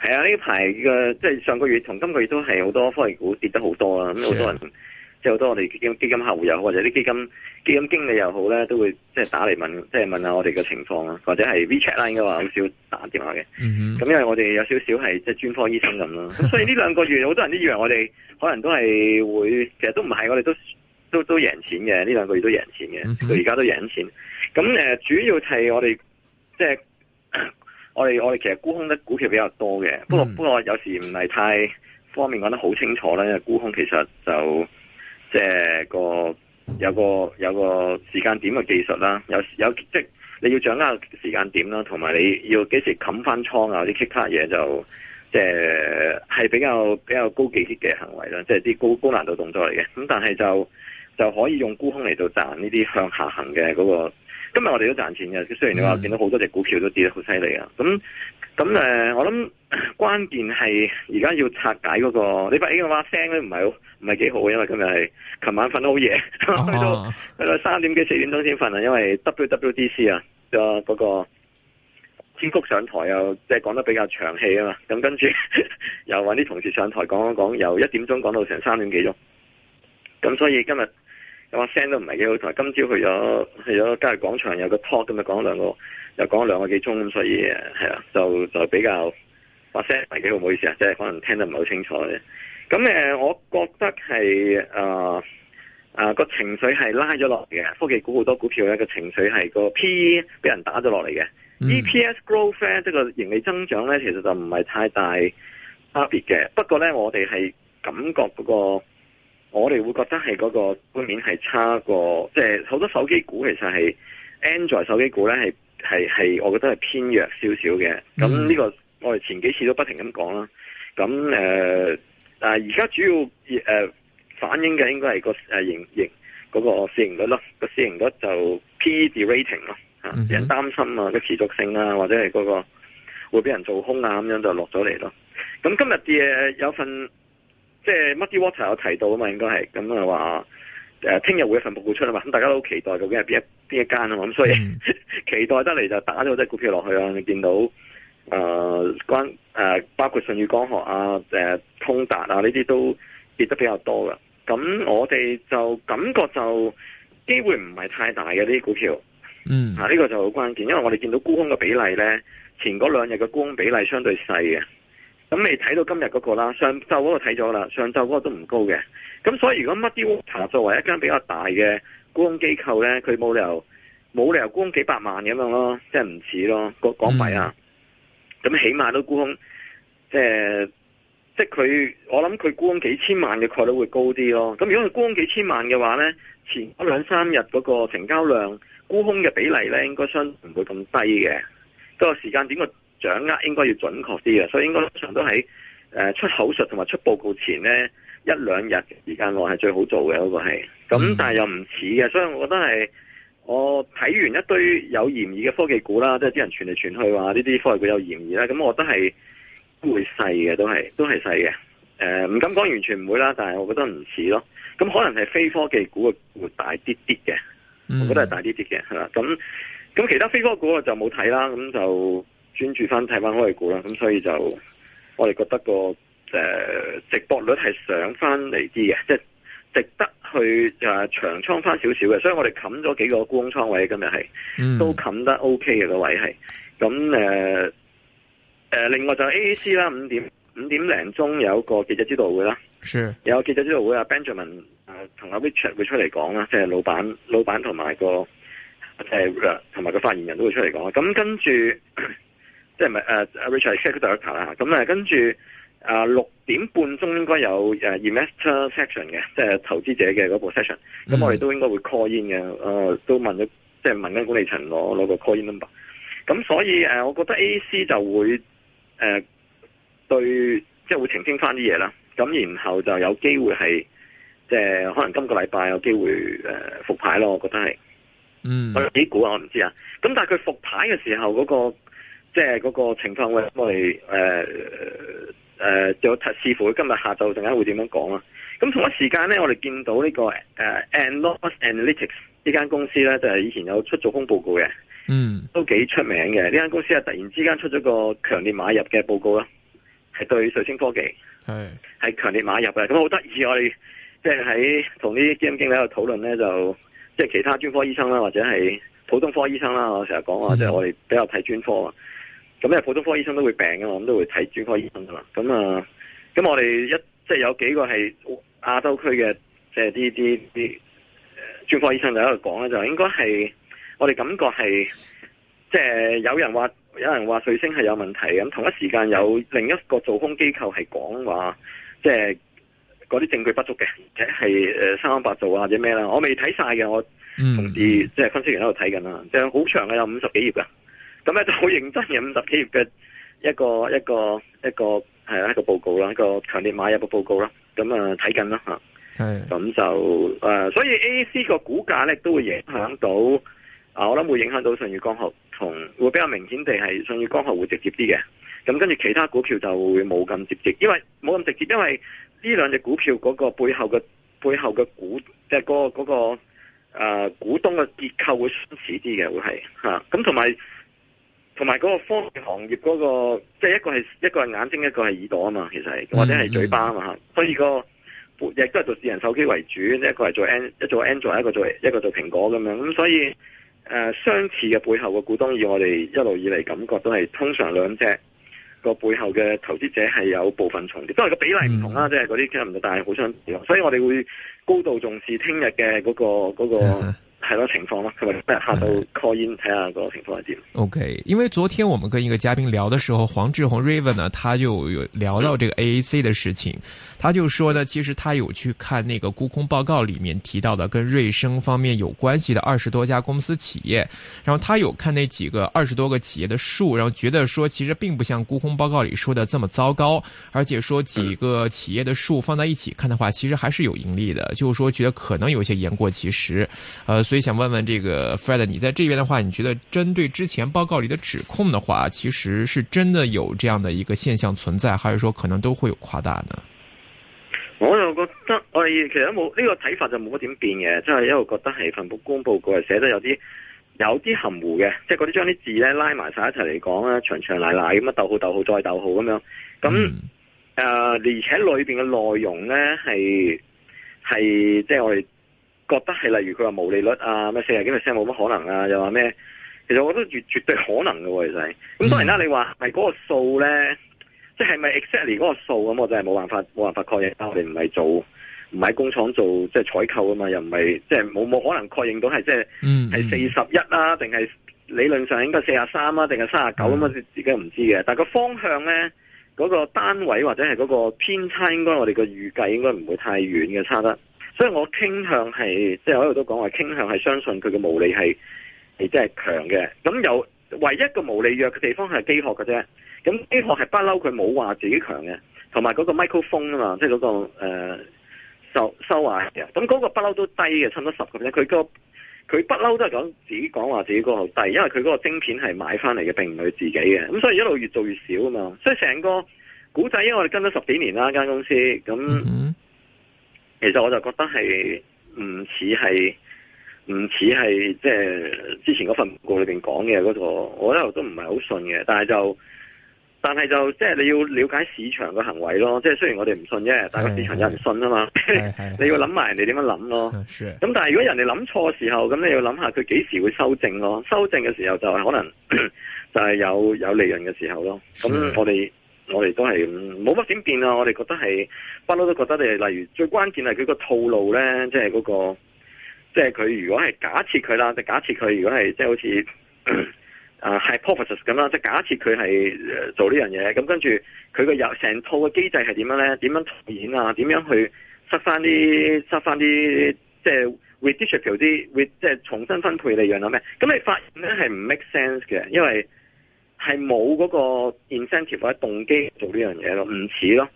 係啊，呢排嘅即係上個月同今個月都係好多科技股跌得好多啦。咁好、啊、多人，即係好多我哋基金基金客戶又好，或者啲基金基金經理又好咧，都會即係、就是、打嚟問，即、就、係、是、問下我哋嘅情況啊，或者係 WeChat 啦，應該話好少打電話嘅。咁、嗯、因為我哋有少少係即係專科醫生咁咯。咁 所以呢兩個月，好多人都以為我哋可能都係會，其實都唔係，我哋都都都贏錢嘅。呢兩個月都贏錢嘅、嗯，到而家都贏錢。咁誒、呃，主要係我哋即係。我哋我哋其實沽空的股票比較多嘅，不過、嗯、不過有時唔係太方面講得好清楚啦。因為沽空其實就即係、就是、個有個有個時間點嘅技術啦，有時有即係、就是、你要掌握時間點啦，同埋你要幾時冚翻倉啊，或者其他嘢就即係係比較比較高技術嘅行為啦，即係啲高高難度的動作嚟嘅。咁但係就就可以用沽空嚟到賺呢啲向下行嘅嗰、那個。今日我哋都賺錢嘅，雖然你話見到好多隻股票都跌得好犀利啊！咁咁誒，我諗關鍵係而家要拆解嗰、那個，你發現我聲都唔係好唔係幾好嘅，因為今日係琴晚瞓得好夜，去、啊啊、到去到三點幾四點鐘先瞓啊！因為 WWDC 啊，個、那、嗰個天谷上台又即係、就是、講得比較長氣啊嘛，咁跟住 又搵啲同事上台講一講，由一點鐘講到成三點幾鐘，咁所以今日。我聲都唔係幾好，同今朝去咗去咗交易廣場有個 talk 咁，咪講咗兩個又講咗兩個幾鐘咁，所以係啊，就就比較把聲唔係幾好，唔好意思啊，即係可能聽得唔係好清楚嘅。咁誒，我覺得係啊啊個情緒係拉咗落嚟嘅，科技股好多股票咧個情緒係個 PE 俾人打咗落嚟嘅，EPS growth 即係個盈利增長咧，其實就唔係太大差別嘅。不過咧，我哋係感覺嗰、那個。我哋會覺得係嗰個觀念係差過，即係好多手機股其實係 Android 手機股咧，係係係，我覺得係偏弱少少嘅。咁呢個我哋前幾次都不停咁講啦。咁誒、呃，而家主要反映應嘅應該係個誒盈嗰個市盈率咯，個市盈率就 P/E derating 咯、嗯，嚇，人擔心啊，個持續性啊，或者係嗰個會俾人做空啊，咁樣就落咗嚟咯。咁今日啲嘢有份。即係乜啲 water 有提到啊嘛，應該係咁啊話誒，聽日會有一份報告出啊嘛，咁大家都好期待究竟係邊一邊一間啊，咁，所以、嗯、期待得嚟就打咗隻股票落去啊！你見到誒、呃、關誒、呃、包括舜宇光學啊、通達啊呢啲都跌得比較多㗎。咁我哋就感覺就機會唔係太大嘅啲股票，嗯啊呢、呢個就好關鍵，因為我哋見到沽空嘅比例咧，前嗰兩日嘅沽空比例相對細嘅。咁未睇到今日嗰個啦，上晝嗰個睇咗啦，上晝嗰個都唔高嘅。咁所以如果乜啲 water 作為一間比較大嘅沽空機構呢，佢冇理由冇理由沽空幾百萬咁樣囉，即係唔似囉。講埋呀，咁、嗯、起碼都沽空，呃、即係即係佢，我諗佢沽空幾千萬嘅概率會高啲囉。咁如果佢沽空幾千萬嘅話呢，前一兩三日嗰個成交量沽空嘅比例咧，應該相唔會咁低嘅。不、那、過、個、時間點掌握應該要準確啲嘅，所以應該通常都喺、呃、出口術同埋出報告前呢一兩日時間內係最好做嘅嗰、那個係。咁但係又唔似嘅，所以我覺得係我睇完一堆有嫌疑嘅科技股啦，即係啲人傳嚟傳去話呢啲科技股有嫌疑啦，咁我覺得係會細嘅，都係都係細嘅。誒唔敢講完全唔會啦，但係我覺得唔似咯。咁、呃、可能係非科技股會大啲啲嘅，我覺得係大啲啲嘅係啦。咁、嗯、咁其他非科股我就冇睇啦，咁就。專注翻睇翻科技股啦，咁所以就我哋覺得個誒、呃、直播率係上翻嚟啲嘅，即係值得去就係、呃、長倉翻少少嘅，所以我哋冚咗幾個沽空倉位，今日係都冚得 OK 嘅個位係，咁誒誒，另外就 A A C 啦，五點五點零鐘有一個記者招待會啦，sure. 有個記者招待會啊 Benjamin 誒同阿 Richard 會出嚟講啦，即係老闆、老闆同埋個誒同埋個發言人都會出嚟講、啊，咁跟住。 即係咪、uh, Richard sector 啦？咁啊，跟住啊六點半鐘應該有誒 investor、uh, section 嘅，即係投資者嘅嗰部 session、mm. 嗯。咁我哋都應該會 call in 嘅。誒都問咗，即、就、係、是、問緊管理層攞個 call in number、嗯。咁所以誒、uh, uh, 呃，我覺得 AC 就會誒對，即係會澄清返啲嘢啦。咁然後就有機會係即係可能今個禮拜有機會誒復牌囉。我覺得係。嗯。我有啲估啊，我唔知啊。咁但係佢復牌嘅時候嗰、那個。即係嗰個情況我，我哋誒誒就睇，似乎今日下晝陣間會點樣講啦，咁同一時間咧，我哋見到呢、這個誒 a、呃、n d l o s s Analytics 呢間公司咧，就係、是、以前有出做空報告嘅，嗯，都幾出名嘅。呢間公司啊，突然之間出咗個強烈買入嘅報告啦，係對瑞星科技，係強烈買入嘅。咁好得意，我哋即係喺同啲基金經理喺度討論咧，就即係、就是、其他專科醫生啦，或者係普通科醫生啦，我成日講話，即、就、係、是、我哋比較睇專科。咁普通科醫生都會病噶嘛，咁都會睇專科醫生噶嘛。咁啊，咁我哋一即係、就是、有幾個係亞洲區嘅，即係啲啲啲專科醫生就喺度講咧，就是、應該係我哋感覺係即係有人話有人話瑞星係有問題，咁同一時間有另一個做空機構係講話，即係嗰啲證據不足嘅，且、就、係、是、三講八做或者咩啦。我未睇晒嘅，我同啲即係分析員喺度睇緊啦，係、就、好、是、長嘅，有五十幾頁噶。咁咧就好認真嘅五十企業嘅一個一個一個係一,一個報告啦，一個強烈買入嘅報告啦。咁啊睇緊啦吓，咁就誒、呃，所以 A A C 個股價咧都會影響到啊，我諗會影響到舜宇光學，同會比較明顯地係舜宇光學會直接啲嘅。咁跟住其他股票就會冇咁直接，因為冇咁直接，因為呢兩隻股票嗰個背後嘅背後嘅股即係、嗰個嗰、嗰個誒、呃、股東嘅結構會相似啲嘅，會係吓咁同埋。啊同埋嗰個科技行業嗰、嗰個，即係一個係一個係眼睛，一個係耳朵啊嘛，其實或者係嘴巴啊嘛嚇、嗯嗯。所以、嗰個亦都係做智能手機為主，一個係做 An 一做 Android 一個做一個做蘋果咁樣。咁所以誒、呃、相似嘅背後嘅股東，以我哋一路以嚟感覺都係通常兩隻個背後嘅投資者係有部分重疊，不過個比例唔同啦、嗯，即係嗰啲其實唔同，但係好相似。所以我哋會高度重視聽日嘅嗰個嗰個。嗰個 yeah. 睇個情況咯，下到 call in 睇下個情況係點。OK，因為昨天我們跟一個嘉賓聊的時候，黃志宏 Raven 呢，他就有聊到這個 AAC 的事情，他就說呢，其實他有去看那個沽空報告裏面提到的跟瑞聲方面有關係的二十多家公司企業，然後他有看那幾個二十多個企業的數，然後覺得說其實並不像沽空報告裏說的這麼糟糕，而且說幾個企業的數放在一起看的話，其實還是有盈利的，就是說覺得可能有些言過其實，呃。所以想問問這個 Fred，你在這邊的話，你覺得針對之前報告裏的指控的話，其實是真的有這樣的一個現象存在，還是說可能都會有誇大呢？我就覺得我哋其實冇呢、這個睇法就冇乜點變嘅，即係因為覺得係份報公布報告寫得有啲有啲含糊嘅，即係嗰啲將啲字咧拉埋晒一齊嚟講啊，長長賴賴咁啊，逗號逗號再逗號咁樣，咁誒、嗯呃、而且裏邊嘅內容咧係係即係我哋。覺得係例如佢話毛利率啊，咩四十幾 percent 冇乜可能啊，又話咩？其實我覺得絕對可能㗎喎、啊，其實咁當然啦。你話係嗰個數呢，即係咪 exactly 嗰個數嘛？我就係冇辦法冇辦法確認。我哋唔係做唔係喺工廠做即係、就是、採購啊嘛，又唔係即係冇冇可能確認到係即係係四十一啊，定係理論上應該四十三啊，定係三十九咁啊、嗯，自己唔知嘅。但個方向呢，嗰、那個單位或者係嗰個偏差，應該我哋個預計應該唔會太遠嘅差得。所以我傾向係，即、就、係、是、我一路都講話傾向係相信佢嘅毛利係係真係強嘅。咁有唯一,一個毛利弱嘅地方係機殼嘅啫。咁機殼係不嬲，佢冇話自己強嘅。同埋嗰個 microphone 啊嘛，即係嗰個、呃、收收話嘅。咁嗰個不嬲都低嘅，差唔多十個點。佢、那個佢不嬲都係講自己講話自己個好低，因為佢嗰個晶片係買翻嚟嘅，並唔係佢自己嘅。咁所以一路越做越少啊嘛。所以成個故仔，因為我哋跟咗十幾年啦間、那個、公司咁。其實我就覺得係唔似係唔似係即係之前嗰份報告裏邊講嘅嗰個，我一路都唔係好信嘅。但係就但係就即係你要了解市場嘅行為咯。即係雖然我哋唔信啫，但係個市場有人信啊嘛。係係 你要諗埋人哋點樣諗咯。咁但係如果人哋諗錯時候，咁你要諗下佢幾時會修正咯？修正嘅時候就係可能 就係、係、有有利潤嘅時候咯。咁我哋。我哋都係冇乜點變啊！我哋覺得係，不嬲都覺得咧。例如最關鍵係佢個套路呢、就是那個就是，即係嗰個，即係佢如果係假設佢啦，就假設佢如果係即係好似啊，係 hypothesis 咁啦，即係假設佢係做呢樣嘢，咁跟住佢個由成套嘅機制係點樣呢？點樣演啊？點樣去塞返啲塞返啲即係 redistributive，即係重新分配你樣啊咩？咁你發現呢係唔 make sense 嘅，因為係冇嗰個 incentive 或者動機做呢樣嘢咯，唔似咯，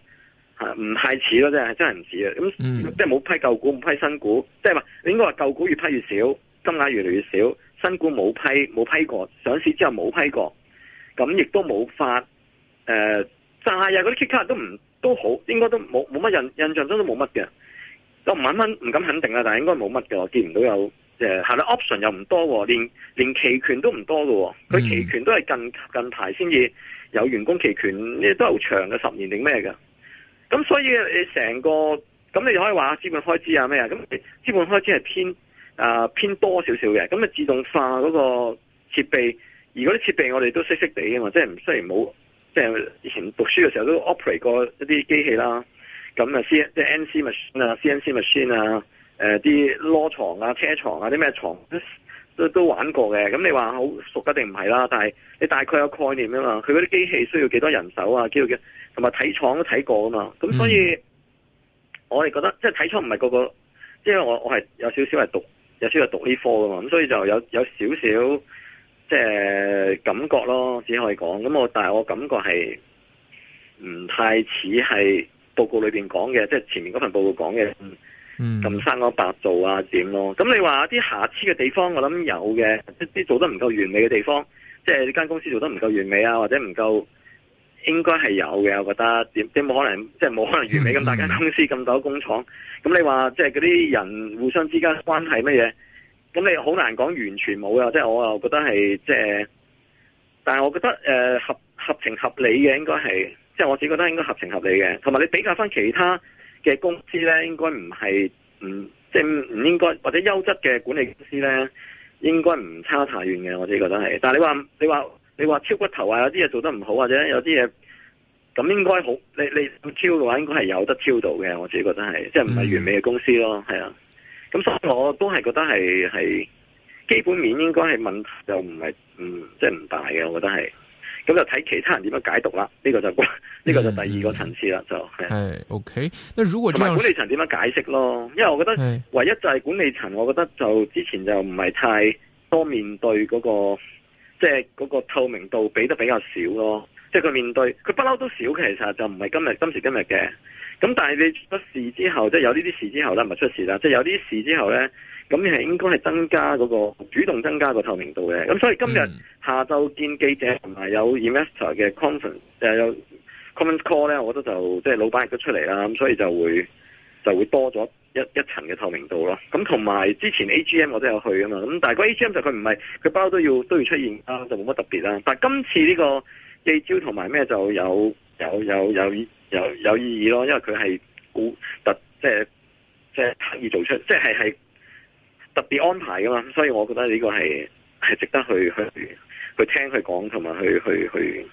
嚇，唔太似咯，真係真係唔似嘅。咁即係冇批舊股，冇批新股，即係話你應該話舊股越批越少，金額越嚟越少，新股冇批，冇批過，上市之後冇批過，咁亦都冇發誒債啊嗰啲 K 卡都唔都好，應該都冇冇乜印印象中都冇乜嘅。都唔肯唔敢肯定啦，但係應該冇乜嘅，我見唔到有。誒、嗯，行啦，option 又唔多，連連期權都唔多喎。佢期權都係近近排先至有員工期權，呢都係好長嘅十年定咩嘅。咁所以你成個咁，你可以話下資本開支啊咩啊，咁資本開支係偏啊、呃、偏多少少嘅。咁啊自動化嗰個設備，而嗰啲設備我哋都識識哋嘅嘛，即係雖然冇即係以前讀書嘅時候都 operate 過一啲機器啦，咁啊 C 即係 NC machine 啊，CNC machine 啊。誒、呃，啲囉床啊、車床啊、啲咩床都都玩過嘅。咁你話好熟一定唔係啦，但係你大概有概念啊嘛。佢嗰啲機器需要幾多人手啊，幾多嘅同埋睇廠都睇過啊嘛。咁所以，我哋覺得即係睇廠唔係個個，即係我我係有少少係讀有少少讀呢科噶嘛。咁所以就有有少少即係感覺咯，只可以講。咁我但係我感覺係唔太似係報告裏邊講嘅，即係前面嗰份報告講嘅。咁、嗯、生我白做啊？點咯？咁你話啲瑕疵嘅地方，我諗有嘅，即啲做得唔夠完美嘅地方，即係呢間公司做得唔夠完美啊，或者唔夠，應該係有嘅。我覺得點點冇可能，即係冇可能完美咁大間、嗯、公司咁多、嗯、工廠。咁你話即係嗰啲人互相之間關係乜嘢？咁你好難講完全冇啊！即係我又覺得係即係，但係我覺得誒、就是呃、合合情合理嘅應該係，即、就、係、是、我自己覺得應該合情合理嘅。同埋你比較翻其他。嘅公司咧，應該唔係唔，即係唔應該，或者優質嘅管理公司咧，應該唔差太遠嘅。我自己覺得係，但你話你話你話挑骨頭啊，有啲嘢做得唔好、啊，或者有啲嘢咁應該好，你你挑嘅話應該係有得挑到嘅。我自己覺得係，即係唔係完美嘅公司咯，係、mm -hmm. 啊。咁所以我都係覺得係係基本面應該係問題就唔係唔，即係唔大嘅，我覺得係。咁就睇其他人點樣解讀啦，呢、呢個就呢、嗯呢個就第二個層次啦，就係。OK 那如果同埋管理層點樣解釋咯、嗯？因為我覺得唯一就係管理層，我覺得就之前就唔係太多面對嗰、嗰個，即係嗰個透明度俾得比較少咯。即係佢面對佢不嬲都少，其實就唔係今日今時今日嘅。咁但係你出事之後，即係有呢啲事之後咧，唔係出事啦，即係有啲事之後咧。咁係應該係增加嗰、嗰個主動增加個透明度嘅，咁所以今日下晝見記者同埋有 investor 嘅 conference，有、mm -hmm. uh, conference call 咧，我覺得就即係、就是、老闆亦都出嚟啦，咁所以就會就會多咗一一層嘅透明度咯。咁同埋之前 AGM 我都有去啊嘛，咁但係個 AGM 就佢唔係佢包都要都要出現就冇乜特別啦。但係今次呢個記招同埋咩就有有有有有有，有意義咯，因為佢係固特即係即係刻意做出，即係係。特別安排㗎嘛，所以我覺得呢個係係值得去去去聽佢講同埋去去去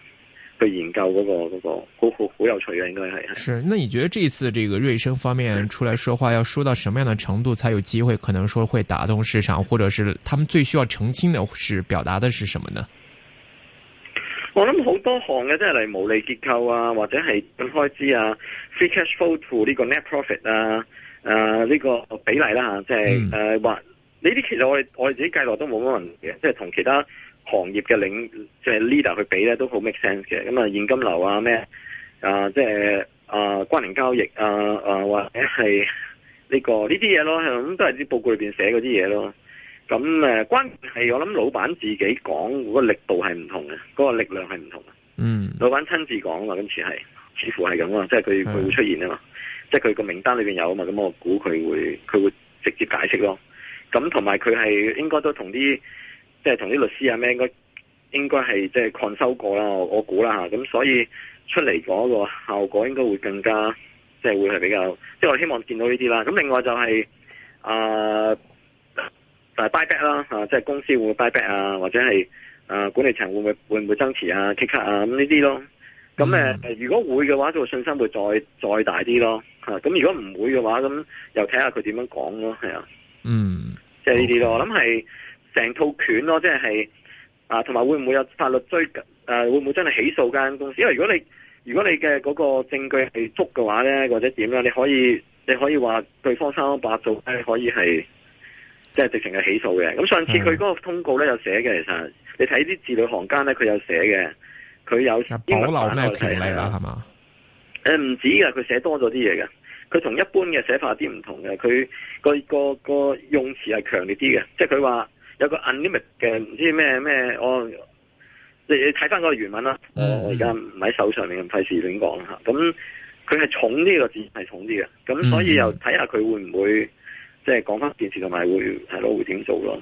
去研究嗰、那個、那個、好好好有趣嘅應該係。是，那你覺得這次這個瑞聲方面出來說話，要說到什麼樣的程度，才有機會可能說會打動市場，或者是他們最需要澄清的，是表達的是什麼呢？我諗好多項嘅，即係嚟無理結構啊，或者係開支啊，free cash flow to 呢個 net profit 啊，誒、呃、呢、這個比例啦、啊、嚇，即係誒或。嗯。呢啲其實我哋我哋自己計落都冇可能嘅，即係同其他行業嘅領即係、就是、leader 去比咧都好 make sense 嘅。咁、嗯、啊現金流啊咩啊、呃、即係啊、呃、關聯交易啊啊、呃呃、或者係呢、這個呢啲嘢咯，咁都係啲報告裏邊寫嗰啲嘢咯。咁、嗯、誒關係我諗老闆自己講嗰個力度係唔同嘅，嗰、那個力量係唔同嘅。嗯，老闆親自講啊，今次係似乎係咁啊，即係佢佢會出現啊嘛，嗯、即係佢個名單裏邊有啊嘛，咁我估佢會佢會直接解釋咯。咁同埋佢係應該都同啲即係同啲律師啊咩，應該應該係即係抗收過啦，我估啦吓。咁所以出嚟嗰個效果應該會更加即係、就是、會係比較，即、就、係、是、我希望見到呢啲啦。咁另外就係、是呃就是、啊，就係 b y back 啦即係公司會,會 buy back 啊，或者係、呃、管理層會唔會會唔會增持啊、剔卡啊咁呢啲咯。咁誒、呃，mm -hmm. 如果會嘅話，就會信心會再再大啲咯咁、啊、如果唔會嘅話，咁又睇下佢點樣講咯，係啊。嗯，即係呢啲咯，okay. 我諗係成套拳咯，即、就、係、是、啊，同埋會唔會有法律追究、啊？會唔會真係起訴間公司？因為如果你如果你嘅嗰個證據係足嘅話咧，或者點樣你可以你可以話對方三番八道咧，可以係即係直情係起訴嘅。咁上次佢嗰個通告咧、嗯、有寫嘅，其實你睇啲字裏行間咧，佢有寫嘅，佢有保留咩條例啦、啊？係嘛？誒，唔、嗯、止㗎，佢寫多咗啲嘢嘅。佢同一般嘅寫法有啲唔同嘅，佢個個個用詞係強烈啲嘅，即係佢話有個 unlimited 嘅唔知咩咩，我你你睇翻嗰個原文啦，我而家唔喺手上面，咁費事亂講嚇。咁佢係重呢個字係重啲嘅，咁、嗯、所以又睇下佢會唔會即係講翻件事同埋會係咯會點做咯。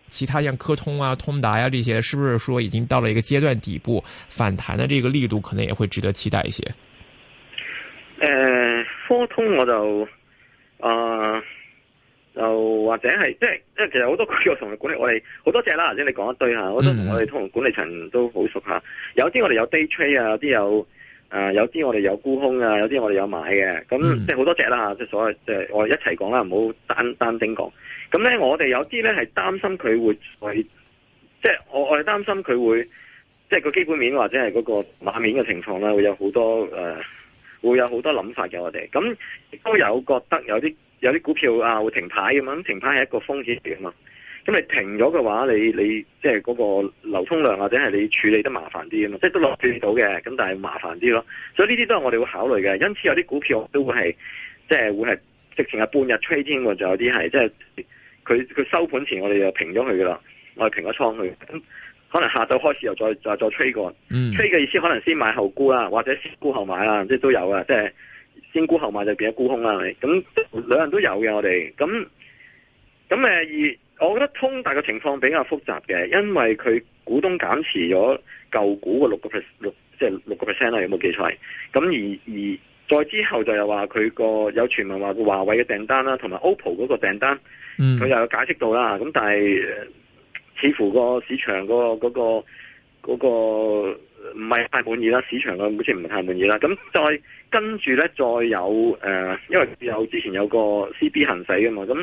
其他像科通啊、通達啊，這些是不是說已經到了一個階段底部，反彈的這個力度可能也會值得期待一些？誒、呃，科通我就啊、呃，就或者係即係，因為其實好多股票同管理我哋好多隻啦，即係你講一堆吓，好、嗯、多同我哋通管理層都好熟下。有啲我哋有 day trade 啊，有啲有啊、呃，有啲我哋有沽空啊，有啲我哋有買嘅，咁即係好多隻啦吓，即係所謂即係我哋一齊講啦，唔好單單丁講。咁咧，我哋有啲咧係擔心佢會、就是、會，即係我我哋擔心佢會，即係個基本面或者係嗰個馬面嘅情況咧、呃，會有好多會有好多諗法嘅我哋。咁亦都有覺得有啲有啲股票啊會停牌咁樣，停牌係一個風險嚟㗎嘛。咁你停咗嘅話，你你即係嗰個流通量或者係你處理得麻煩啲啊嘛，即、就、係、是、都落跌到嘅，咁但係麻煩啲咯。所以呢啲都係我哋會考慮嘅。因此有啲股票都會係，即、就、係、是、會係直情係半日吹添，仲有啲係即係。就是佢佢收盤前我哋就平咗佢噶啦，我哋平咗倉佢。咁可能下晝開始又再再再吹過，吹、嗯、吹嘅意思可能先買後沽啦，或者先沽後買啦，即係都有啊，即係先沽後買就變咗沽空啦，係咪？咁兩樣都有嘅我哋。咁咁誒，而我覺得通達嘅情況比較複雜嘅，因為佢股東減持咗舊股嘅六個 percent，六即係六個 percent 啦，有冇記錯？咁而而。而再之後就又話佢、嗰個有傳聞話個華為嘅訂單啦，同埋 OPPO 嗰個訂單，佢、嗯、又有解釋到啦，咁但係、呃、似乎個市場、嗰個嗰、嗰個嗰、嗰個唔係太滿意啦，市場啊好似唔係太滿意啦。咁再跟住呢，再有誒、呃，因為有之前有個 CB 行使㗎嘛，咁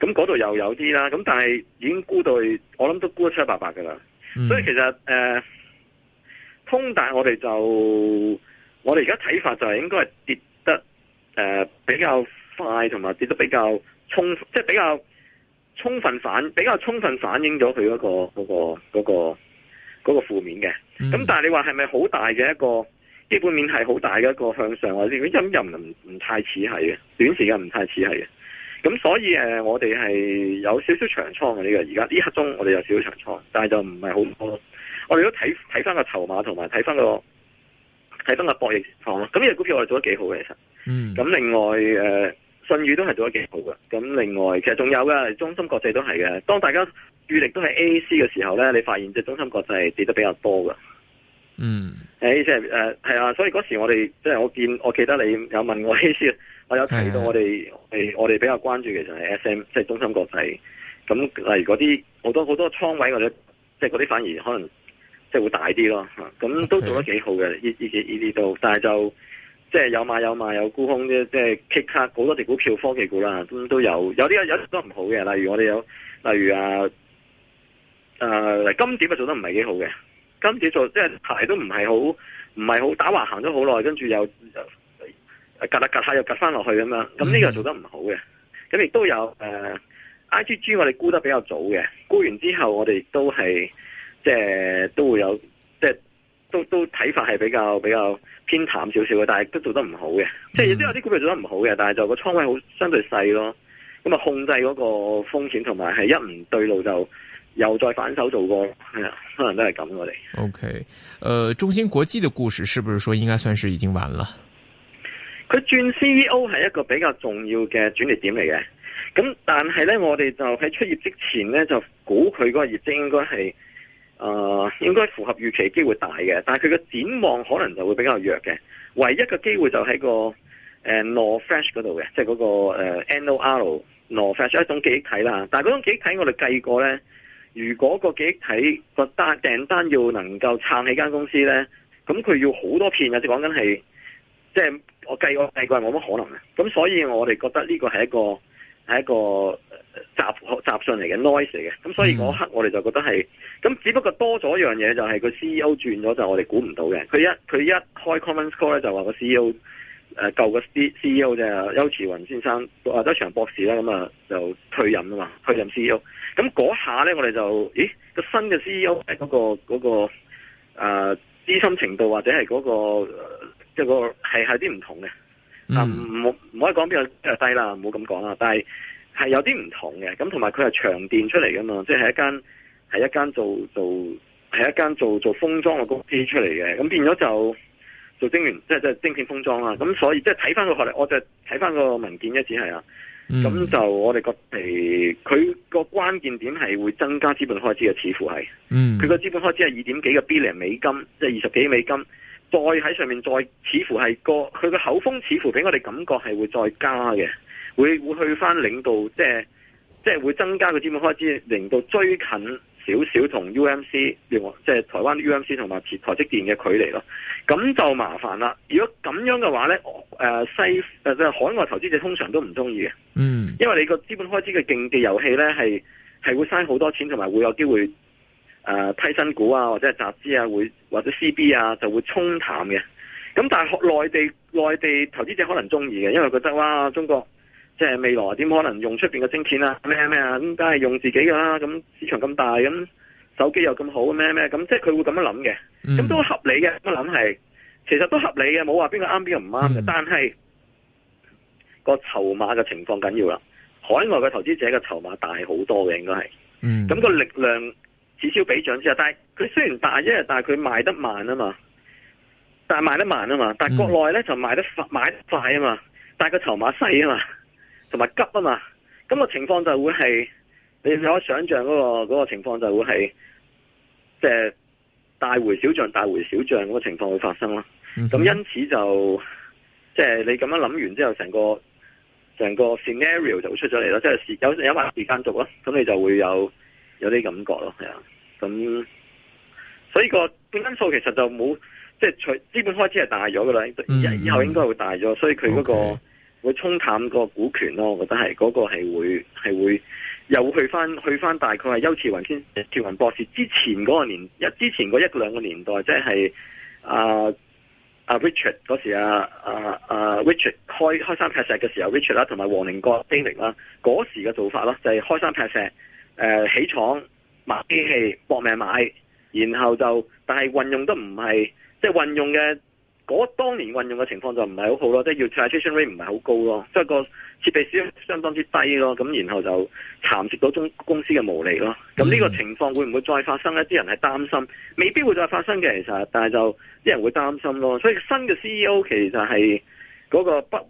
咁嗰度又有啲啦。咁但係已經估到，我諗都估得七七八八㗎啦、嗯。所以其實誒、呃，通達我哋就。我哋而家睇法就係應該係跌得誒、呃、比較快，同埋跌得比較充，即係比較充分反，比較充分反映咗佢嗰個嗰、嗰個嗰、嗰個嗰、嗰個負面嘅。咁、嗯嗯、但係你話係咪好大嘅一個基本面係好大嘅一個向上？我啲咁又唔唔太似係嘅，短時間唔太似係嘅。咁所以誒、呃，我哋係有少少長倉嘅呢個。而家呢一刻鐘，我哋有少少長倉，但係就唔係好多。我哋都睇睇翻個籌碼，同埋睇翻個。睇翻個博弈方咯，咁呢隻股票我哋做得幾好嘅其實，咁、嗯、另外誒、呃、信譽都係做得幾好嘅，咁另外其實仲有嘅中芯國際都係嘅。當大家預力都係 A C 嘅時候咧，你發現即係中芯國際跌得比較多嘅。嗯，誒即係誒係啊，所以嗰時我哋即係我見我記得你有問過我 AC，我有提到我哋誒、嗯、我哋比較關注嘅就係 S M，即係中芯國際。咁例如嗰啲好多好多倉位或者即係嗰啲反而可能。即係會大啲咯，吓，咁都做得幾好嘅，以呢啲啲度，但係就即係有買有賣有沽空啫，即係其他好多隻股票科技股啦，都都有，有啲有啲都唔好嘅，例如我哋有，例如啊，誒、啊、金點啊做得唔係幾好嘅，金點做即係排都唔係好唔係好打橫行咗好耐，跟住又又夾下夾下又夾翻落去咁樣，咁呢個做得唔好嘅，咁、mm. 亦都有誒、啊、I G G 我哋沽得比較早嘅，沽完之後我哋都係。即係都會有，即係都都睇法係比較比較偏淡少少嘅，但係都做得唔好嘅。即係亦都有啲股票做得唔好嘅，但係就個倉位好相對細咯。咁啊，控制嗰個風險同埋係一唔對路就又再反手做過，係啊，可能都係咁。我哋 OK，誒、呃，中芯國際嘅故事是不是說應該算是已經完了？佢轉 CEO 係一個比較重要嘅轉捩點嚟嘅。咁但係咧，我哋就喺出業之前咧，就估佢嗰個業績應該係。誒、呃、應該符合預期的機會大嘅，但係佢嘅展望可能就會比較弱嘅。唯一嘅機會就喺個 Nor Flash 嗰度嘅，即係嗰個誒、呃、N O R Flash 一種記憶體啦。但係嗰種記憶體我哋計過咧，如果個記憶體、個單訂單要能夠撐起間公司咧，咁佢要好多片啊！即係講緊係，即係我計我計過係冇乜可能嘅。咁所以我哋覺得呢個係一個。係一個集集上嚟嘅 noise 嚟嘅，咁所以我刻我哋就覺得係，咁只不過多咗一樣嘢就係、係、個 C E O 轉咗，就我哋估唔到嘅。佢一佢一開 conference call 咧就話個 C E O 誒、呃、舊個 C E O 就邱慈雲先生阿周祥博士啦咁啊就退任啦嘛，退任 C E O。咁嗰下咧我哋就，咦新 CEO 就、個新嘅 C E O 嗰個嗰個誒資深程度或者係嗰、嗰個即係、呃就係嗰個係係啲唔同嘅。唔、嗯、唔、啊、可以講邊個、啊、低啦，唔好咁講啦，但係係有啲唔同嘅，咁同埋佢係長電出嚟噶嘛，即、就、係、是、一間係一間做做係一間做做封裝嘅公司出嚟嘅，咁、嗯、變咗就做晶圓，即係即係晶片封裝啦。咁、嗯、所以即係睇翻個學歷，我就睇翻個文件一紙係啊。咁、嗯、就我哋覺誒，佢個關鍵點係會增加資本開支嘅，似乎係，嗯，佢個資本開支係二點幾個 b 零美金，即係二十幾美金。再喺上面，再似乎係個佢嘅口風，似乎俾我哋感覺係會再加嘅，會會去返領導，即係即係會增加個資本開支，令到追近少少同 UMC，即係台灣 UMC 同埋台積電嘅距離咯。咁就麻煩啦。如果咁樣嘅話呢，誒西誒海外投資者通常都唔中意嘅。嗯，因為你個資本開支嘅競技遊戲呢，係係會嘥好多錢，同埋會有機會。誒、呃，批新股啊，或者係集資啊，會或者 CB 啊，就會沖淡嘅。咁但係內地內地投資者可能中意嘅，因為覺得哇，中國即係未來點可能用出邊嘅晶片啊，咩咩啊，咁梗係用自己噶、啊、啦。咁市場咁大，咁手機又咁好，咩咩咁，即係佢會咁樣諗嘅。咁、嗯、都合理嘅，咁樣諗係，其實都合理嘅，冇話邊個啱邊個唔啱嘅。嗯、但係個籌碼嘅情況緊要啦，海外嘅投資者嘅籌碼大好多嘅，應該係。咁、嗯、個力量。至少俾獎之後，但係佢雖然大一，但係佢賣得慢啊嘛，但係賣得慢啊嘛。但係國內咧就賣得快，買得快啊嘛。但係個籌碼細啊嘛，同埋急啊嘛。咁、嗰個情況就會係你可以想象嗰、嗰個嗰個情況就會係即係大回小漲，大回小漲嗰個情況會發生咯。咁因此就即係、就是、你咁樣諗完之後，成個成個 scenario 就會出咗嚟咯。即、就、係、是、有有埋時間軸咯，咁你就會有。有啲感覺咯，係啊，咁所以個本金數其實就冇，即係除資本開支係大咗噶啦，以後應該會大咗、嗯，所以佢嗰、那個、okay. 會沖淡個股權咯，我覺得係嗰、那個係會係會又會去翻去翻，大概係邱次雲先，邱次雲博士之前嗰個年之前嗰一兩個年代，即係阿阿 Richard 嗰時阿、啊、阿、啊、Richard 開開山劈石嘅時候，Richard 啦同埋黃靈國、啊、丁力啦嗰時嘅做法囉、啊，就係、是、開山劈石。誒、呃、起廠買機器搏命買，然後就但係運用得唔係，即係運用嘅嗰當年運用嘅情況就唔係好好咯，即係要 transaction rate 唔係好高咯，即係個設備使用相當之低咯，咁然後就蠶食到中公司嘅毛利咯。咁呢個情況會唔會再發生？一啲人係擔心，未必會再發生嘅其實，但係就啲人會擔心咯。所以新嘅 CEO 其實係嗰個不嗰個。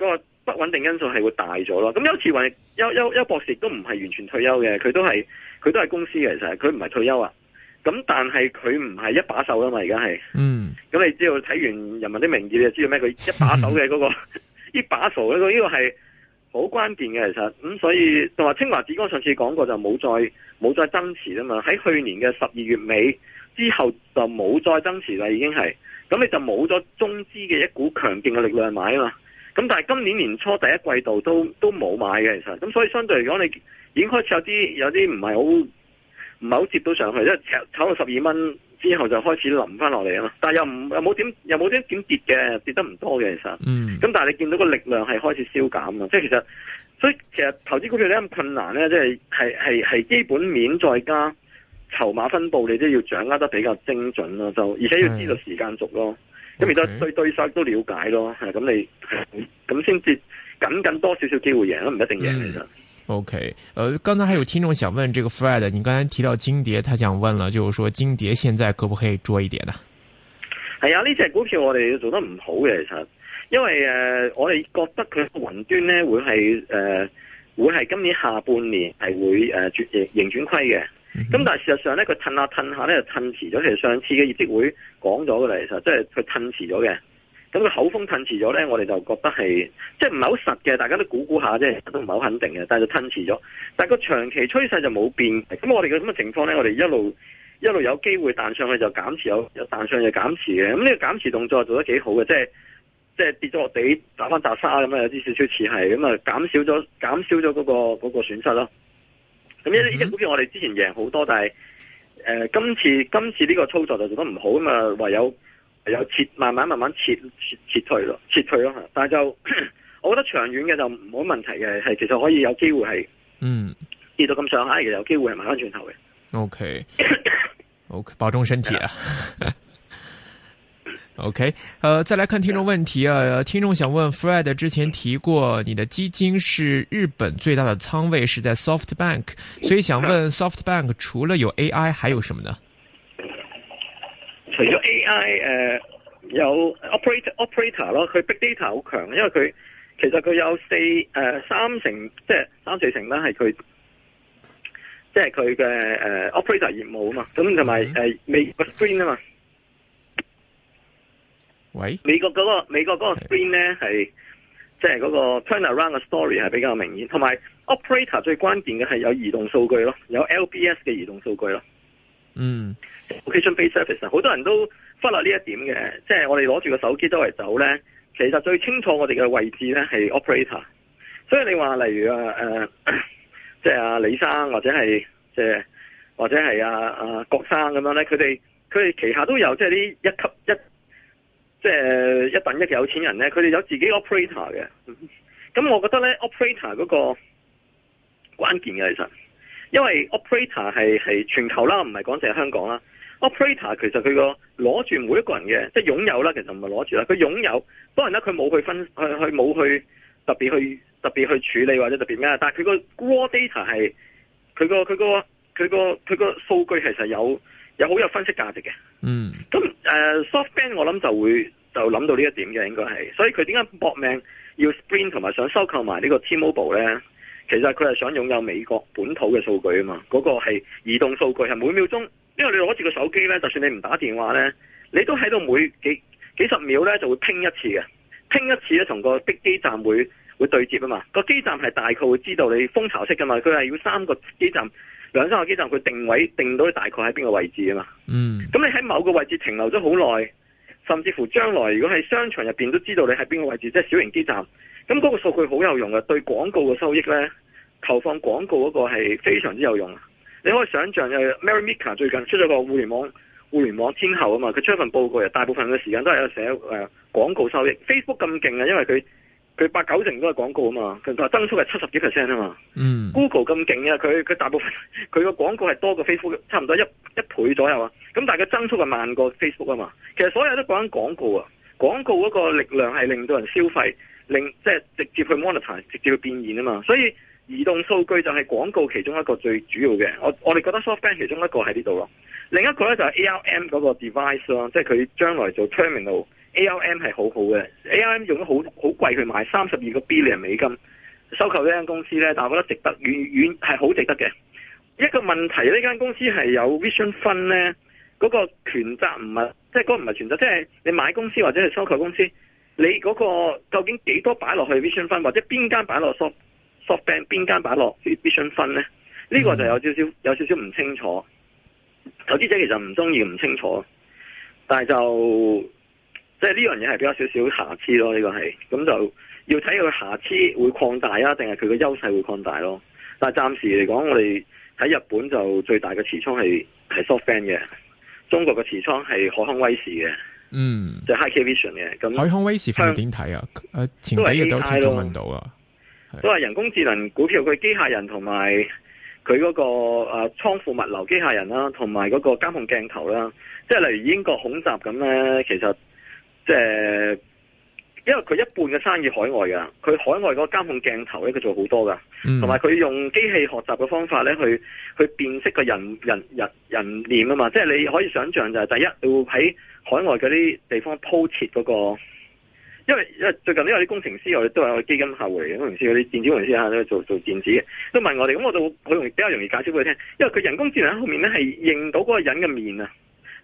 那個那個不穩定因素係會大咗咯，咁有次話，邱邱邱博士都唔係完全退休嘅，佢都係佢都係公司嘅，其實佢唔係退休啊。咁但係佢唔係一把手啊嘛，而家係，嗯，咁你知道睇完人民的名義，你就知道咩？佢一把手嘅嗰個呢 一把手呢、那個呢、這個係好關鍵嘅，其實，咁所以同埋清華紫光上次講過就冇再冇再增持啊嘛，喺去年嘅十二月尾之後就冇再增持啦，已經係，咁你就冇咗中資嘅一股強勁嘅力量買啊嘛。咁但係今年年初第一季度都都冇買嘅，其實。咁所以相對嚟講，你已經開始有啲有啲唔係好唔係好接到上去，因為炒到十二蚊之後就開始冧翻落嚟啊嘛。但係又唔又冇點又冇啲點跌嘅，跌得唔多嘅其實。咁、嗯、但係你見到個力量係開始消減啊，即係其實所以其實投資股票呢，咁困難呢，即係係係係基本面再加籌碼分布，你都要掌握得比較精準咯，就而且要知道時間軸咯。咁而家對對晒都了解咯，咁你咁先至僅僅多少少機會贏，唔一定贏其實。O K，誒，剛才還有聽眾想問這個 Fred，你剛才提到金蝶，他想問了就是說金蝶現在可不可以捉一點、嗯 okay. 呃就是、啊？係啊，呢隻股票我哋做得唔好嘅，其實，因為誒、呃，我哋覺得佢雲端咧會係誒、呃、會係今年下半年係會誒轉型轉虧嘅。咁、嗯、但係事實上咧，佢褪下褪下咧，褪遲咗。其實上次嘅業績會講咗嘅啦，其實即係佢褪遲咗嘅。咁佢口風褪遲咗咧，我哋就覺得係即係唔係好實嘅，大家都估估下啫，都唔係好肯定嘅。但係就吞遲咗，但係個長期趨勢就冇變。咁我哋嘅咁嘅情況咧，我哋一路一路有機會彈上去就減持，有有彈上去就減持嘅。咁呢個減持動作做得幾好嘅，即係即係跌咗落地揦返揸沙咁啊，有啲少少似係咁啊，減少咗減少咗嗰個嗰個損失咯。咁一呢隻股票我哋之前贏好多，但係誒、呃、今次今次呢個操作就做得唔好，咁啊唯有唯有撤，慢慢慢慢撤撤撤退咯，撤退咯，但係就 我覺得長遠嘅就唔冇問題嘅，係其實可以有機會係嗯跌到咁上下，其實有機會係買翻轉頭嘅。O K，O K，保重身體啊！ OK，呃，再來看聽眾問題啊，聽眾想問 Fred 之前提過，你的基金是日本最大的倉位是在 SoftBank，所以想問 SoftBank 除了有 AI，還有什麼呢？除咗 AI，誒、呃，有 operator operator 咯，佢 big data 好強，因為佢其實佢有四誒、呃、三成，即係三四成啦，係佢即係佢嘅誒 operator 業務啊嘛，咁同埋誒 make screen 啊嘛。喂，美國嗰個美國嗰個 screen 咧，係即係嗰個 turnaround 嘅 story 係比較明顯，同埋 operator 最關鍵嘅係有移動數據咯，有 LBS 嘅移動數據咯。嗯 location-based service 好多人都忽略呢一點嘅，即係我哋攞住個手機周圍走咧，其實最清楚我哋嘅位置咧係 operator。所以你話例如啊誒，即係阿李生或者係即係或者係啊，阿郭生咁樣咧，佢哋佢哋旗下都有即係呢一級一。即、一等一嘅有錢人咧，佢哋有自己 operator 嘅。咁 我覺得咧 ，operator 嗰個關鍵嘅其實，因為 operator 係全球啦，唔係講淨係香港啦。operator 其實佢個攞住每一個人嘅，即係擁有啦，其實唔係攞住啦，佢擁有。當然啦，佢冇去分，佢佢冇去特別去特別去處理或者特別咩，但係佢個 raw data 係佢個佢個佢個佢個數據其實有。有好有分析價值嘅，嗯，咁誒、呃、SoftBank 我諗就會就諗到呢一點嘅應該係，所以佢點解搏命要 Sprint 同埋想收購埋呢個 T-Mobile 咧？其實佢係想擁有美國本土嘅數據啊嘛，嗰個係移動數據係每秒鐘，因為你攞住個手機咧，就算你唔打電話咧，你都喺度每幾，幾十秒咧就會拼一次嘅，拼一次咧同個基站會會對接啊嘛，個基站係大概會知道你蜂巢式噶嘛，佢係要三個基站。兩三個基站，佢定位定到你大概喺邊個位置啊嘛。嗯。咁你喺某個位置停留咗好耐，甚至乎將來如果喺商場入邊都知道你喺邊個位置，即係小型基站。咁、那、嗰個數據好有用嘅，對廣告嘅收益呢，投放廣告嗰個係非常之有用。你可以想象誒 Mary Meeker 最近出咗個互聯網互聯網天后啊嘛，佢出一份報告，大部分嘅時間都係寫誒、呃、廣告收益。Facebook 咁勁啊，因為佢。佢八九成都係廣告啊嘛，佢話增速係七十幾 percent 啊嘛。嗯，Google 咁勁啊，佢佢大部分佢個廣告係多過 Facebook 差唔多一一倍左右啊。咁但係佢增速係慢過 Facebook 啊嘛。其實所有都講緊廣告啊，廣告嗰個力量係令到人消費，令即係、就是、直接去 monetize，直接去變現啊嘛。所以移動數據就係廣告其中一個最主要嘅。我我哋覺得 softbank 其中一個喺呢度咯，另一個咧就係 ARM 嗰個 device 咯，即係佢將來做 terminal。ARM 係好好嘅，ARM 用咗好好貴去買三十二個 billion 美金收購呢間公司呢，但係我覺得值得，遠遠係好值得嘅。一個問題，呢間公司係有 vision fund 呢，嗰個權責唔係即係嗰個唔係權責，即係你買公司或者係收購公司，你嗰個究竟幾多擺落去 vision fund，或者邊間擺落 soft bank 邊間擺落 vision fund 咧？呢個就有少少有少少唔清楚。投資者其實唔中意唔清楚，但係就。即係呢樣嘢係比較少少瑕疵咯，呢、呢個係咁就要睇佢瑕疵會擴大啊，定係佢個優勢會擴大咯。但係暫時嚟講，我哋喺日本就最大嘅持倉係係 SoftBank 嘅，中國嘅持倉係海康威視嘅，嗯，即、就、係、是、HiKVision 嘅。咁海康威視方面點睇啊？誒前幾日都有聽眾問到啊，都係人工智能股票，佢機械人同埋佢嗰個誒倉庫物流機械人啦，同埋嗰個監控鏡頭啦，即係例如英國恐襲咁咧，其實。即、呃、係，因為佢一半嘅生意海外噶，佢海外嗰個監控鏡頭咧，佢做好多噶，同埋佢用機器學習嘅方法咧，去去辨識個人人人人面啊嘛。即係你可以想象就係，第一，佢會喺海外嗰啲地方鋪設嗰個，因為因為最近都有啲工程師，我哋都係個基金客戶嚟嘅，工程師嗰啲電子工程師都做做電子嘅，都問我哋，咁我就好容易比較容易解釋俾佢聽，因為佢人工智能喺後面咧係認到嗰個人嘅面啊，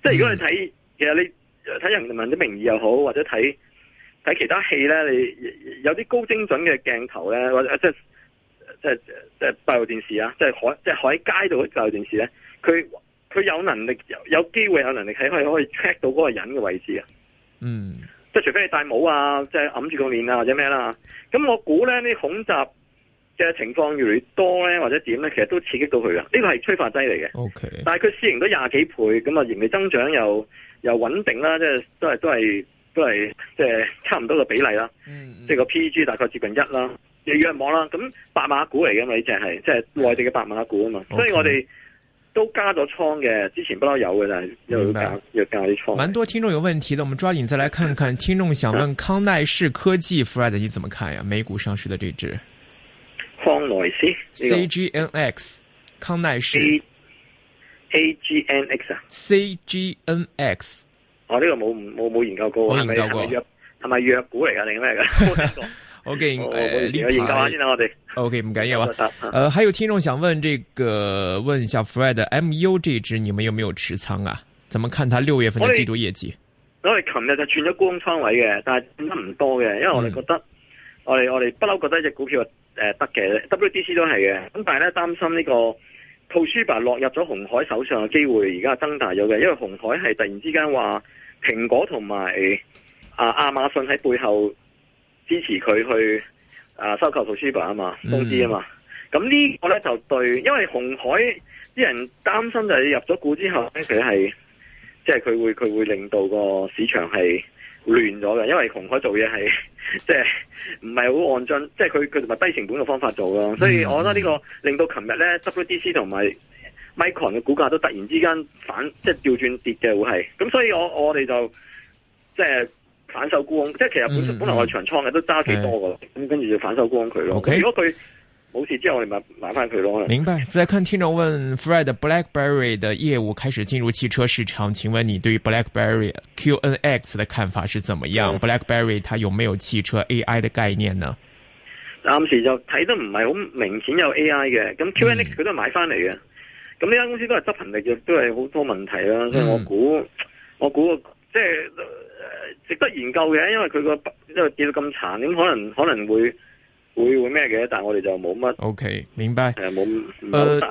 即係如果你睇、嗯，其實你。睇人問啲名義又好，或者睇睇其他戲咧，你有啲高精準嘅鏡頭咧，或者即係即係即係閉路電視啊，即係海即係喺街度嘅閉路電視咧，佢佢有能力有有機會有能力喺可以可以 check 到嗰個人嘅位置啊，嗯，即係除非你戴帽啊，即係揞住個面啊或者咩啦、啊，咁我估咧啲恐襲嘅情況越來越多咧，或者點咧，其實都刺激到佢嘅，呢、這個係催化劑嚟嘅。O、okay. K. 但係佢市盈都廿幾倍，咁啊盈利增長又又穩定啦，即係都係都係都係即係差唔多個比例啦。嗯，即係個 P E G 大概接近一啦，又弱望啦。咁白馬股嚟嘅嘛，呢隻係即係內地嘅白馬股啊嘛。Okay. 所以我哋都加咗倉嘅，之前不嬲有嘅，就係又要加又加啲倉。蠻多聽眾有問題嘅，我們抓緊再來看看聽眾想問康奈氏科技 Fred，你怎麼看呀、啊？美股上市嘅呢隻？康奈斯、這個，C G N X，康奈士 A，A G N X 啊，C G N X，我呢、哦這個冇冇冇研究過，冇研究過，係咪藥股嚟㗎定咩㗎？好嘅，誒、 okay, 呃，研究下先啦，我、okay, 哋。o k 唔緊要啊。誒，還有聽眾想問這個，問一下 Fred，M U 這支你們有沒有持倉啊？怎麼看他六月份嘅季度業績？我哋琴日就轉咗沽空倉位嘅，但係轉得唔多嘅，因為我哋覺得，嗯、我哋我哋不嬲覺得隻股票。誒、呃，得嘅，WDC 都係嘅，咁但係咧擔心呢個東芝落入咗紅海手上嘅機會而家增大咗嘅，因為紅海係突然之間話蘋果同埋啊亞馬遜喺背後支持佢去啊收購東芝啊嘛，公司啊嘛，咁、嗯、呢個咧就對，因為紅海啲人擔心就係入咗股之後咧佢係即係佢會佢會令到個市場係。亂咗嘅，因為窮海做嘢係即係唔係好按進，即係佢佢同埋低成本嘅方法做咯、嗯，所以我覺得呢、呢個令到琴日咧 WDC 同埋 Micron 嘅股價都突然之間反即係掉轉跌嘅會係，咁所以我我哋就即係反手沽空，即係、嗯、其實本身、嗯、本來我長倉嘅都揸幾多噶喇，咁跟住就反手沽空佢咯。Okay? 如果佢。冇事之後我，我哋買買翻佢咯。明白。再看聽眾問，Fred BlackBerry 嘅業務開始進入汽車市場，請問你對於 BlackBerry QNX 嘅看法是怎麼樣、嗯、？BlackBerry 它有沒有汽車 AI 嘅概念呢？暫時就睇得唔係好明顯有 AI 嘅，咁 QNX 佢都係買翻嚟嘅，咁呢間公司都係執行力亦都係好多問題啦、啊嗯。所以我估，我估，即係、呃、值得研究嘅，因為佢個因為跌到咁慘，咁可能可能會。會會咩嘅？但係我哋就冇乜。OK，明白。誒、呃，冇冇大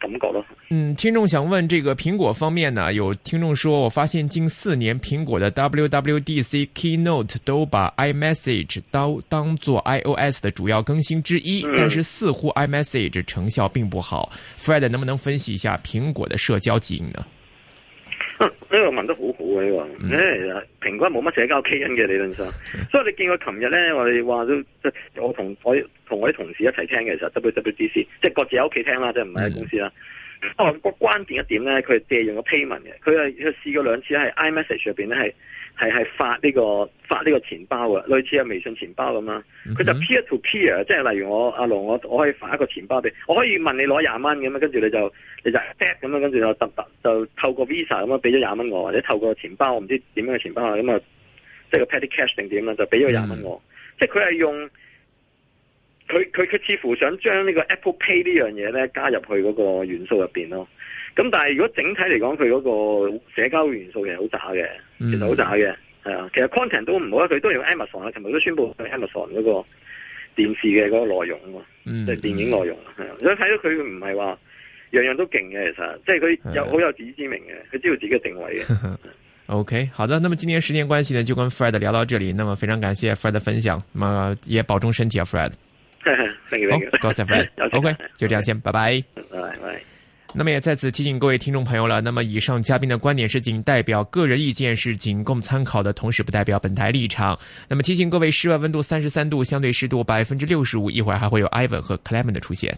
感覺咯、呃。嗯，聽眾想問這個蘋果方面呢？有聽眾說，我發現近四年蘋果的 WWDC Keynote 都把 iMessage 都當做 iOS 的主要更新之一，嗯、但是似乎 iMessage 成效並不好。Fred，能不能分析一下蘋果的社交基因呢？呢個問得好好嘅呢個，誒、嗯， 其實平均冇乜社交基因嘅理論上，所以你見佢琴日咧，我哋話都即係我同我同我啲同事一齊聽嘅時候，W W D C，即係各自喺屋企聽啦，即係唔係喺公司啦。嗯哦，個關鍵一點咧，佢借用個 payment 嘅，佢係試過兩次喺 iMessage 入面咧，係係係發呢、呢個發呢個錢包嘅，類似有微信錢包咁啊。佢、mm -hmm. 就 peer to peer，即係例如我阿龍，我我可以發一個錢包俾，我可以問你攞廿蚊咁啊，跟住你就你就 tap 咁啊，跟住就就，就，就透過 Visa 咁樣俾咗廿蚊我，或者透過錢包，我唔知點樣嘅錢包啊，咁啊，即係個 petty cash 定點啦，就俾咗廿蚊我。Mm -hmm. 即係佢係用。佢佢佢似乎想將呢個 Apple Pay 呢樣嘢咧加入去嗰個元素入面咯。咁但係如果整體嚟講，佢嗰個社交元素其實好渣嘅，其實好渣嘅，嗯、啊。其實 content 都唔好啊，佢都用 Amazon 啊，尋日都宣布 Amazon 嗰個電視嘅嗰個內容啊，即、嗯、電影內容啊。所以睇到佢唔係話樣樣都勁嘅，其實即係佢有好有自知之明嘅，佢知道自己嘅定位嘅。 OK，好的。那麼今天時間關係呢，就跟 Fred 聊到這裏。那麼非常感謝 Fred 的分享。咁啊，也保重身體啊，Fred。 thank you, thank you. OK，就、okay. 這樣先，拜、okay. 拜。拜拜。那麼也在此提醒各位聽眾朋友了，那麼以上嘉賓的觀點是僅代表個人意見，是僅供參考的，同時不代表本台立場。那麼提醒各位，室外温度三十三度，相對濕度百分之六十五，一會兒還會有 Ivan 和 Clement 的出現。